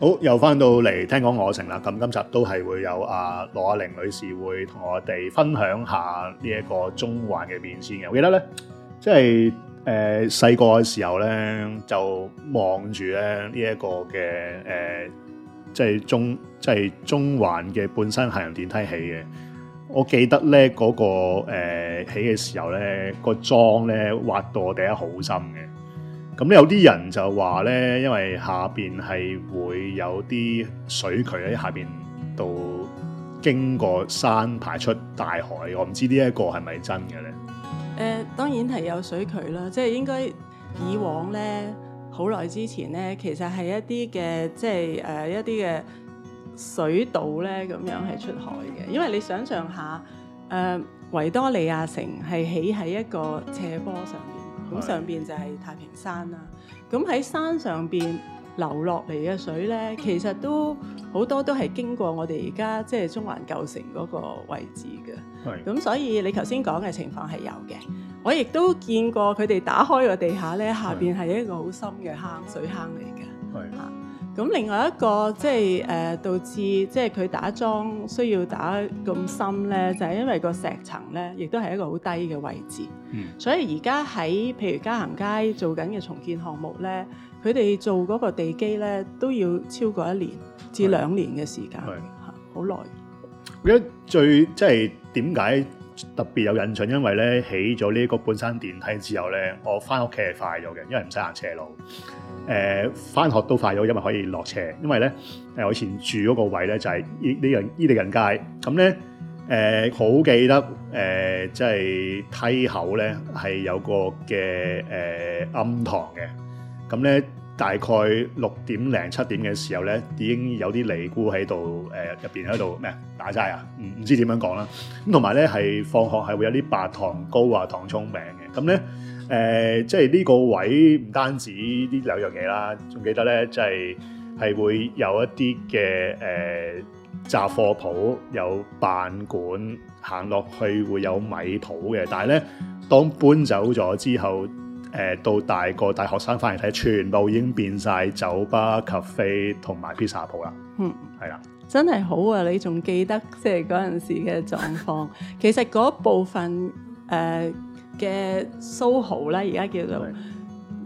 好，又翻到嚟，聽講我城啦。咁今集都係會有阿羅雅寧女士會同我哋分享下呢一個中環嘅變遷嘅。我記得咧，即係誒細個嘅時候咧，就望住咧呢一個嘅誒，即係中即係中環嘅半山行人電梯起嘅。我記得咧嗰個誒起嘅時候咧，個樁咧挖到我第一好深嘅。咁有啲人就話咧，因為下邊係會有啲水渠喺下邊度經過山排出大海，我唔知呢一個係咪真嘅咧？誒、呃，當然係有水渠啦，即係應該以往咧好耐之前咧，其實係一啲嘅即係誒一啲嘅水道咧咁樣係出海嘅，因為你想象下誒維多利亞城係起喺一個斜坡上面。咁上邊就係太平山啦、啊，咁喺山上邊流落嚟嘅水咧，其實都好多都係經過我哋而家即係中環舊城嗰個位置嘅，咁是的 所以你頭先講嘅情況係有嘅。我亦都見過佢哋打開個地下咧，下邊係一個好深嘅坑，水坑嚟嘅。是的 啊。咁另外一個即係誒導致即係佢打樁需要打咁深咧，就係因為個石層咧，亦都係一個好低嘅位置。嗯。所以而家喺譬如嘉咸街做緊嘅重建項目咧，佢哋做嗰個地基咧都要超過一年至兩年嘅時間，嚇，好耐。我覺得最即係點解？特別有印象，因為咧起咗呢個半山電梯之後咧，我翻屋企係快咗嘅，因為唔使行斜路。誒，翻學都快咗，因為可以落斜。因為咧誒，我以前住嗰個位咧就係呢呢個伊利近街。咁咧誒，好記得誒，即係梯口咧係有個嘅誒庵堂嘅。咁咧。大概六點零七點嘅時候咧，已經有啲尼姑喺度，誒入邊喺度咩打齋啊？唔唔知點樣講啦。咁同埋咧，係放學係會有啲白糖糕、呀糖葱餅嘅。咁咧，誒即係呢個位唔單止呢兩樣嘢啦，仲記得咧，即係係會有一啲嘅誒雜貨鋪，有辦館，行落去會有米鋪嘅。但係咧，當搬走咗之後。誒到大個大學生返嚟睇，全部已經變晒酒吧、咖啡同埋披薩鋪啦。嗯，係啦，真係好啊！你仲記得即係嗰陣時嘅狀況？其實嗰部分誒嘅 SoHo 咧，而家叫做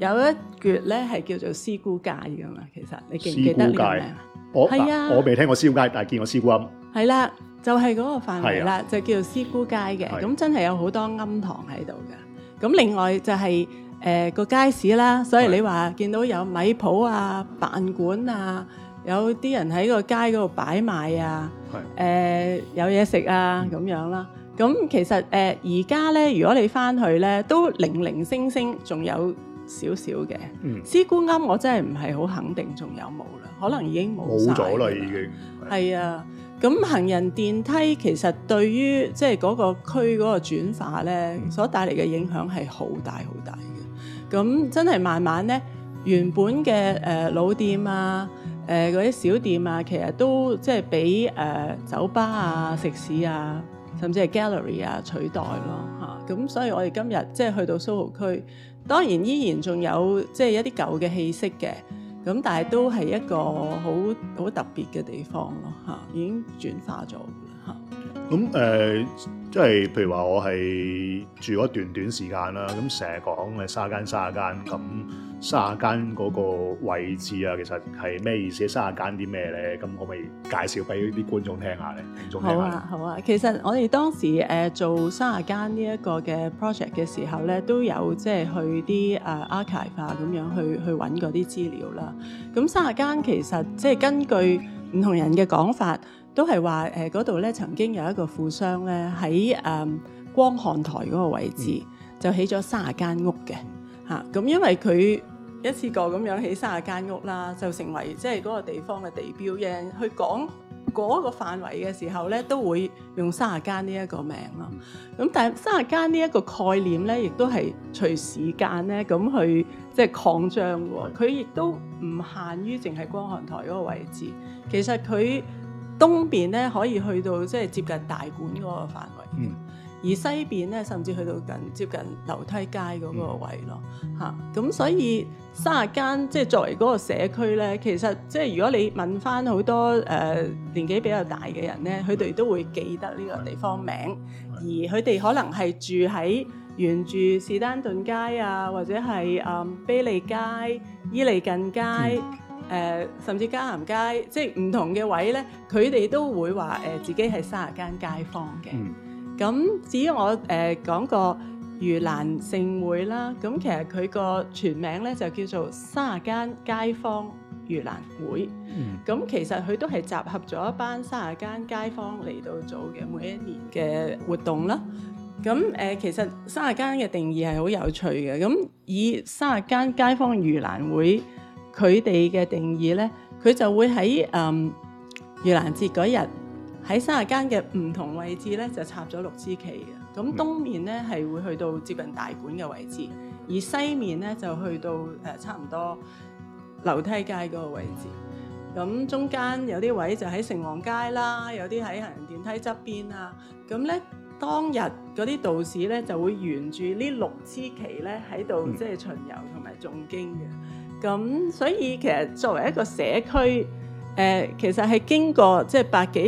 有一段咧係叫做師姑街噶嘛。其實你記唔記得？師姑街，我係啊，我未聽過師姑街，但係見過師姑庵。係啦，就係嗰個範圍啦，就叫做師姑街嘅。咁真係有好多庵堂喺度嘅。咁另外就係。誒、呃嗰個街市啦，所以你話見到有米鋪啊、辦館啊，有啲人喺個街嗰度擺賣啊，是的 呃、有嘢食啊咁、嗯、樣啦。咁其實誒而家咧，如果你翻去咧，都零零星星仲有少少嘅。師姑庵我真係唔係好肯定仲有冇啦，可能已經冇。冇咗啦，已經。係啊，咁行人電梯其實對於即係嗰個區嗰個轉化咧，嗯、所帶嚟嘅影響係好大好大。咁真係慢慢咧，原本嘅誒、呃、老店啊、誒嗰啲小店啊，其實都即係俾誒酒吧啊、食肆啊，甚至係 gallery 啊取代咯嚇。咁、啊、所以我哋今日即係去到蘇豪區，當然依然仲有即係一啲舊嘅氣息嘅，咁但係都係一個好好特別嘅地方咯嚇、啊，已經轉化咗。咁誒、呃，即係譬如話，我係住咗段短時間啦。咁成日講係卅間卅間，咁卅間嗰個位置啊，其實係咩意思？卅間啲咩咧？咁可唔可以介紹俾啲觀眾聽下咧。好啊，好啊。其實我哋當時誒做卅間呢一個嘅 project 嘅時候咧，都有即係去啲誒 archive 咁、啊、樣去去揾嗰啲資料啦。咁卅間其實即係、就是、根據唔同人嘅講法。都係話誒嗰度咧，曾經有一個富商咧喺誒光漢台嗰個位置就起咗三十間屋嘅嚇。咁、啊、因為佢一次過咁樣起三十間屋啦，就成為即係嗰個地方嘅地標。嘅、啊、去講嗰個範圍嘅時候咧，都會用三十間呢一個名咯。咁、啊、但係三十間呢一個概念咧，亦都係隨時間咧咁去即係擴張喎。佢亦都唔限於淨係光漢台嗰個位置，其實佢。東邊咧可以去到即係接近大館嗰個範圍，嗯、而西邊咧甚至去到近接近樓梯街嗰個位咯。嚇、嗯，咁、啊、所以卅間即係、就是、作為嗰個社區咧，其實即係如果你問返好多誒、呃、年紀比較大嘅人咧，佢哋都會記得呢個地方名，而佢哋可能係住喺沿住士丹頓街啊，或者係啊卑利街、伊利近街。嗯誒、呃，甚至嘉咸街，即係唔同嘅位咧，佢哋都會話誒、呃、自己係卅間街坊嘅。咁、嗯、至於我誒講個盂蘭盛會啦，咁其實佢個全名咧就叫做卅間街坊盂蘭會。咁、嗯、其實佢都係集合咗一班卅間街坊嚟到做嘅每一年嘅活動啦。咁誒、呃，其實卅間嘅定義係好有趣嘅。咁以卅間街坊盂蘭會，佢哋嘅定義咧，佢就會喺誒盂蘭節嗰日喺卅間嘅唔同位置咧，就插咗六支旗嘅。咁東面咧係會去到接近大館嘅位置，而西面咧就去到誒、呃、差唔多樓梯街嗰個位置。咁中間有啲位就喺城皇街啦，有啲喺行人電梯側邊啊。咁咧當日嗰啲道士咧就會沿住呢六支旗咧喺度即係巡遊同埋誦經嘅。咁所以其實作為一個社區，誒其實係經過即係百幾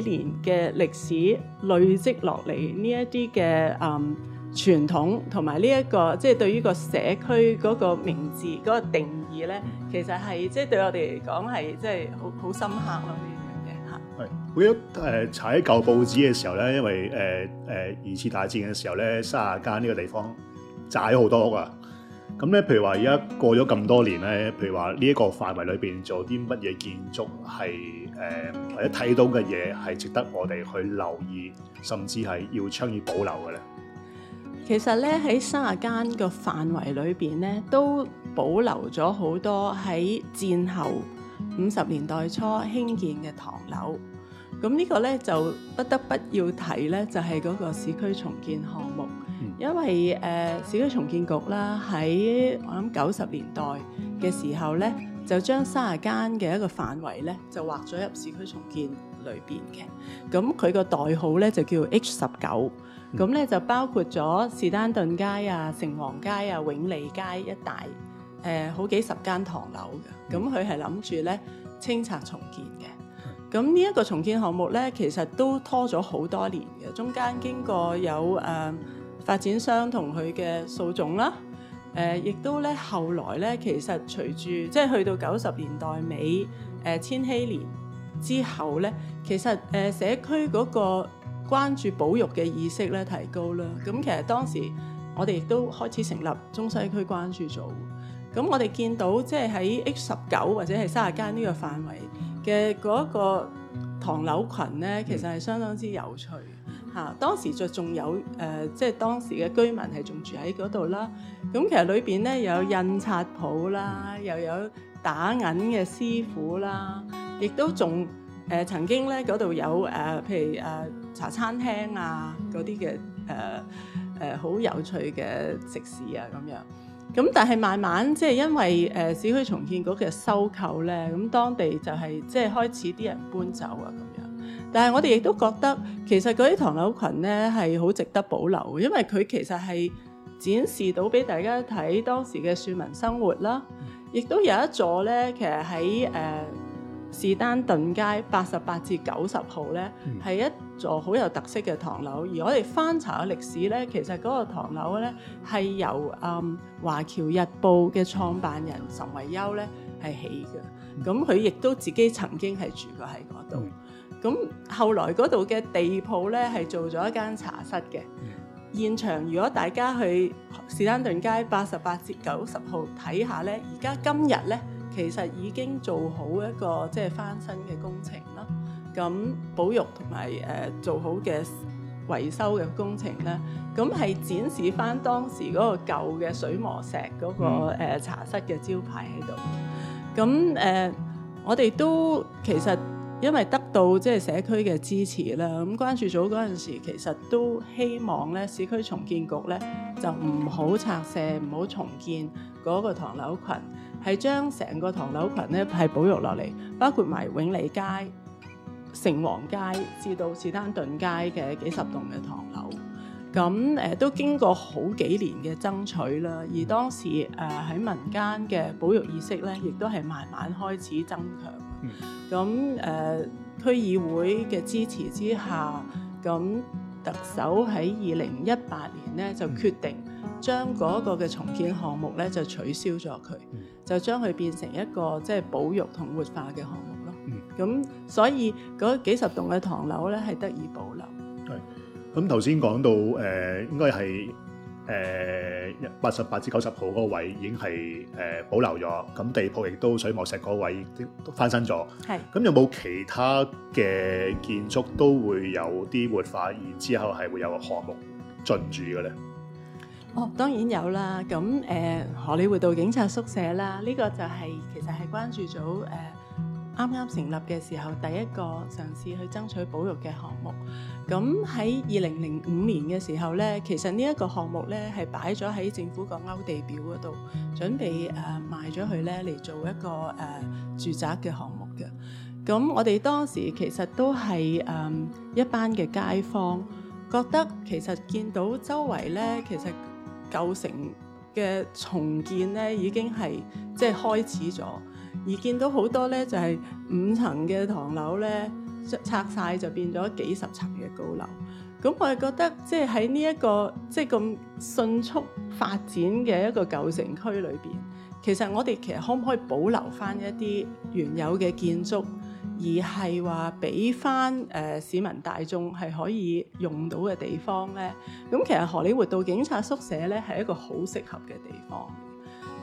年嘅歷史累積落嚟呢一啲嘅誒傳統，同埋呢一個即係對於個社區嗰個名字嗰個定義咧，其實係即係對我哋嚟講係即係好好深刻咯呢樣嘢嚇。係，我記得誒踩舊報紙嘅時候咧，因為誒誒二次大戰嘅時候咧，卅間呢個地方窄咗好多噶。咁咧，譬如話，而家過咗咁多年咧，譬如話呢一個範圍裏邊，做啲乜嘢建築係誒或者睇到嘅嘢係值得我哋去留意，甚至係要倡議保留嘅咧。其實咧，喺卅間個範圍裏邊咧，都保留咗好多喺戰後五十年代初興建嘅唐樓。咁呢個咧就不得不要提咧，就係、是、嗰個市區重建項。因為誒，市區重建局啦，喺我諗九十年代嘅時候咧，就將卅間嘅一個範圍咧，就劃咗入市區重建裏邊嘅。咁佢個代號咧就叫 H 十九，咁咧就包括咗士丹頓街啊、城皇街啊、永利街一帶，誒好幾十間唐樓嘅。咁佢係諗住咧清拆重建嘅。咁呢一個重建項目咧，其實都拖咗好多年嘅，中間經過有誒。發展商同佢嘅訴訟啦，誒，亦都咧後來咧，其實隨住即係去到九十年代尾，誒千禧年之後咧，其實誒社區嗰個關注保育嘅意識咧提高啦。咁其實當時我哋亦都開始成立中西區關注組，咁我哋見到即係喺 H 十九或者係卅間呢個範圍嘅嗰個唐樓群咧，其實係相當之有趣。吓、啊！當時就仲有誒、呃，即係當時嘅居民係仲住喺嗰度啦。咁其實裏邊咧有印刷鋪啦，又有打銀嘅師傅啦，亦都仲誒、呃、曾經咧嗰度有誒、呃，譬如誒、呃、茶餐廳啊嗰啲嘅誒誒好有趣嘅食肆啊咁樣。咁但係慢慢即係因為誒、呃、市區重建局嘅收購咧，咁當地就係、是、即係開始啲人搬走啊。但係我哋亦都覺得，其實嗰啲唐樓羣咧係好值得保留嘅，因為佢其實係展示到俾大家睇當時嘅庶民生活啦。亦都有一座咧，其實喺誒士丹頓街八十八至九十號咧，係一座好有特色嘅唐樓。而我哋翻查嘅歷史咧，其實嗰個唐樓咧係由誒華僑日報嘅創辦人岑維休咧係起嘅。咁佢亦都自己曾經係住過喺嗰度。咁後來嗰度嘅地鋪咧，係做咗一間茶室嘅。現場如果大家去士丹頓街八十八至九十號睇下咧，而家今日咧，其實已經做好一個即係翻新嘅工程啦。咁保育同埋誒做好嘅維修嘅工程咧，咁係展示翻當時嗰個舊嘅水磨石嗰個誒茶室嘅招牌喺度。咁誒，我哋都其實。因為得到即係社區嘅支持啦，咁關注組嗰陣時，其實都希望咧，市區重建局咧就唔好拆卸，唔好重建嗰個唐樓群，係將成個唐樓群咧係保育落嚟，包括埋永利街、城皇街至到士丹頓街嘅幾十棟嘅唐樓。咁誒都經過好幾年嘅爭取啦，而當時誒喺民間嘅保育意識咧，亦都係慢慢開始增強。咁誒、嗯呃，區議會嘅支持之下，咁特首喺二零一八年咧就決定將嗰個嘅重建項目咧就取消咗佢，就將佢變成一個即係、就是、保育同活化嘅項目咯。咁、嗯、所以嗰幾十棟嘅唐樓咧係得以保留。係，咁頭先講到誒、呃，應該係。誒八十八至九十號嗰位已經係誒、呃、保留咗，咁地鋪亦都水磨石嗰位都翻新咗。係是，咁有冇其他嘅建築都會有啲活化，然之後係會有項目進駐嘅咧？哦，當然有啦。咁誒，荷、呃、里活道警察宿舍啦，呢、這個就係、是、其實係關注咗誒。呃啱啱成立嘅時候，第一個嘗試去爭取保育嘅項目。咁喺二零零五年嘅時候呢，其實呢一個項目呢係擺咗喺政府個勾地表嗰度，準備誒賣咗佢呢嚟做一個誒住宅嘅項目嘅。咁我哋當時其實都係誒一班嘅街坊，覺得其實見到周圍呢，其實舊城嘅重建呢已經係即係開始咗。而見到好多咧，就係五層嘅唐樓咧拆晒就變咗幾十層嘅高樓。咁我係覺得，即係喺呢一個即係咁迅速發展嘅一個舊城區裏邊，其實我哋其實可唔可以保留翻一啲原有嘅建築，而係話俾翻誒市民大眾係可以用到嘅地方咧？咁其實荷李活道警察宿舍咧係一個好適合嘅地方。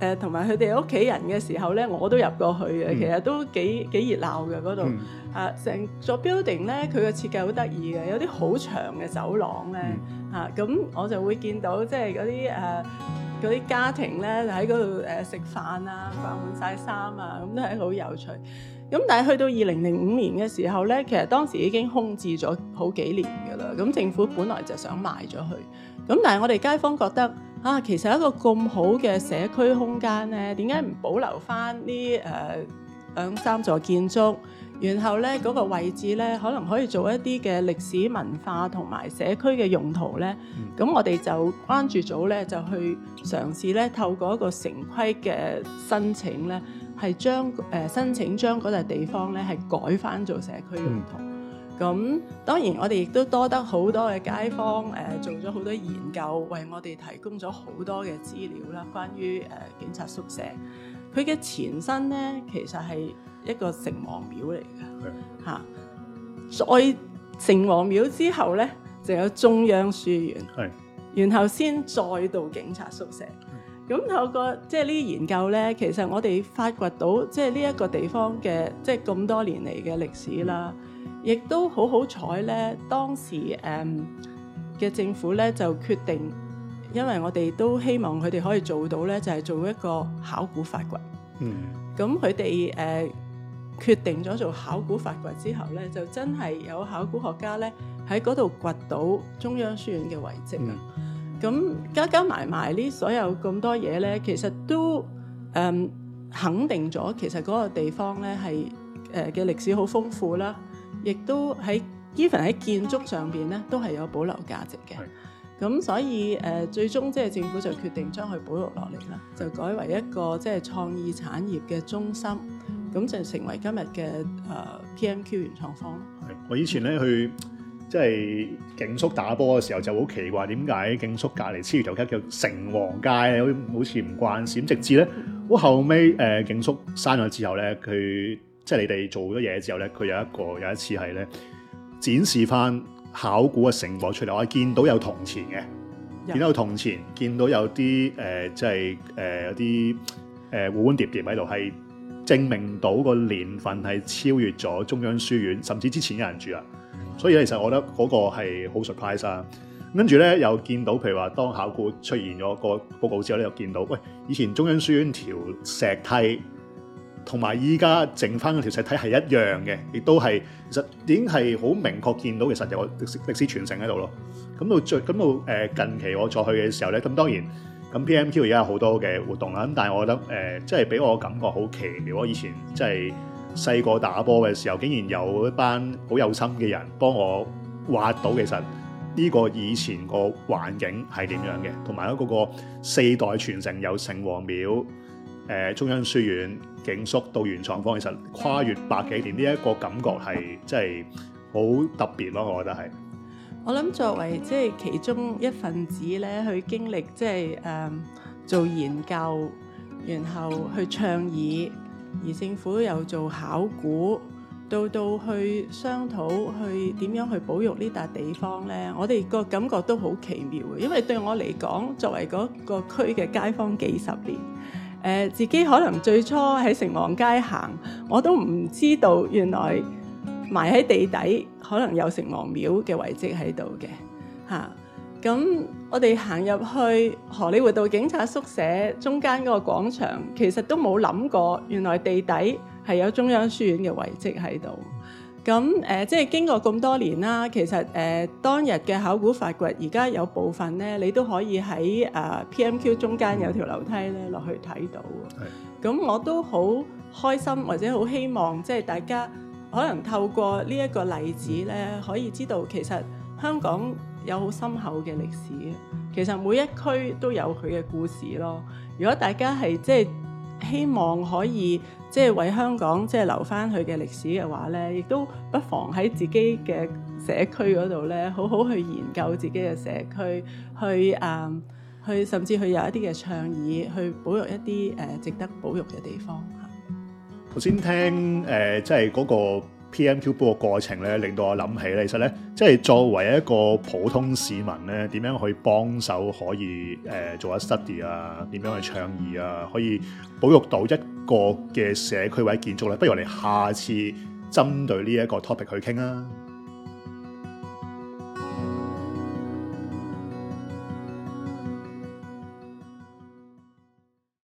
誒同埋佢哋屋企人嘅時候咧，我都入過去嘅，嗯、其實都幾幾熱鬧嘅嗰度。嗯、啊，成座 building 咧，佢嘅設計好得意嘅，有啲好長嘅走廊咧。嗯、啊，咁我就會見到即係嗰啲誒啲家庭咧，就喺嗰度誒食飯啊，掛滿晒衫啊，咁都係好有趣的。咁、嗯、但係去到二零零五年嘅時候咧，其實當時已經空置咗好幾年㗎啦。咁政府本來就想賣咗佢，咁但係我哋街坊覺得。啊，其實一個咁好嘅社區空間咧，點解唔保留翻呢誒兩三座建築？然後咧嗰個位置咧，可能可以做一啲嘅歷史文化同埋社區嘅用途咧。嗯，咁我哋就關注組咧就去嘗試咧，透過一個城規嘅申請咧，係將誒申請將嗰笪地方咧，係改翻做社區用途。咁當然，我哋亦都多得好多嘅街坊誒、呃，做咗好多研究，為我哋提供咗好多嘅資料啦。關於誒警察宿舍，佢嘅前身咧，其實係一個城隍廟嚟嘅嚇。再城隍廟之後咧，就有中央書院，的然後先再到警察宿舍。咁、嗯、透過即係呢啲研究咧，其實我哋發掘到即係呢一個地方嘅即係咁多年嚟嘅歷史啦。嗯。亦都好好彩咧！當時誒嘅、嗯、政府咧就決定，因為我哋都希望佢哋可以做到咧，就係、是、做一個考古發掘。嗯，咁佢哋誒決定咗做考古發掘之後咧，就真係有考古學家咧喺嗰度掘到中央書院嘅遺跡啊！咁、嗯嗯、加加埋埋呢所有咁多嘢咧，其實都誒、嗯、肯定咗，其實嗰個地方咧係誒嘅歷史好豐富啦。亦都喺 even 喺建築上邊咧，都係有保留價值嘅。咁是的 所以誒、呃、最終即係政府就決定將佢保育落嚟啦，就改為一個即係、就是、創意產業嘅中心，咁就成為今日嘅誒、呃、P M Q 元創方。係我以前咧去即係警署打波嘅時候就好奇怪景，點解警署隔籬黐住條街叫城皇街，好似唔慣閃直至咧。我、嗯、後尾誒警署閂咗之後咧，佢。即係你哋做咗嘢之後咧，佢有一個有一次係咧展示翻考古嘅成果出嚟，我係見到有銅錢嘅，嗯、看到，銅看到有銅錢見到有啲誒即係誒有啲誒碗碗碟碟喺度，係、呃呃呃呃呃、證明到個年份係超越咗中央書院，甚至之前有人住啊。嗯、所以咧，其實我覺得嗰個係好 surprise 啊。跟住咧又見到，譬如話當考古出現咗個報告之後咧，又見到喂以前中央書院條石梯。同埋依家剩翻嗰條石體係一樣嘅，亦都係其實已經係好明確見到其實有個歷史歷史傳承喺度咯。咁到最咁到誒近期我再去嘅時候咧，咁當然咁 PMQ 而家有好多嘅活動啦。咁但係我覺得誒，即係俾我感覺好奇妙啊！以前即係細個打波嘅時候，竟然有一班好有心嘅人幫我挖到，其實呢個以前個環境係點樣嘅，同埋嗰個四代傳承有城隍廟。誒中央書院警宿到元創方，其實跨越百幾年呢一個感覺係即係好特別咯。我覺得係我諗作為即係其中一份子咧，去經歷即係誒做研究，然後去倡議，而政府又做考古，到到去商討去點樣去保育呢笪地方咧。我哋個感覺都好奇妙嘅，因為對我嚟講，作為嗰個區嘅街坊幾十年。誒自己可能最初喺城隍街行，我都唔知道原來埋喺地底可能有城隍廟嘅遺蹟喺度嘅嚇。咁、啊、我哋行入去荷里活道警察宿舍中間嗰個廣場，其實都冇諗過原來地底係有中央書院嘅遺蹟喺度。咁誒，即係、呃、經過咁多年啦，其實誒、呃、當日嘅考古發掘，而家有部分咧，你都可以喺啊、呃、PMQ 中間有條樓梯咧落去睇到。係對。咁我都好開心，或者好希望，即、就、係、是、大家可能透過呢一個例子咧，可以知道其實香港有好深厚嘅歷史。其實每一區都有佢嘅故事咯。如果大家係即係。就是希望可以即係為香港即係留翻佢嘅歷史嘅話咧，亦都不妨喺自己嘅社區嗰度咧，好好去研究自己嘅社區，去誒、嗯，去甚至去有一啲嘅倡議去保育一啲誒、呃、值得保育嘅地方嚇。頭先聽誒，即係嗰個。PMQ 播嘅過程咧，令到我諗起咧，其實咧，即係作為一個普通市民咧，點樣、呃、樣去幫手可以誒做下 study 啊？點樣去倡議啊？可以保育到一個嘅社區或者建築咧？不如我哋下次針對呢一個 topic 去傾啊！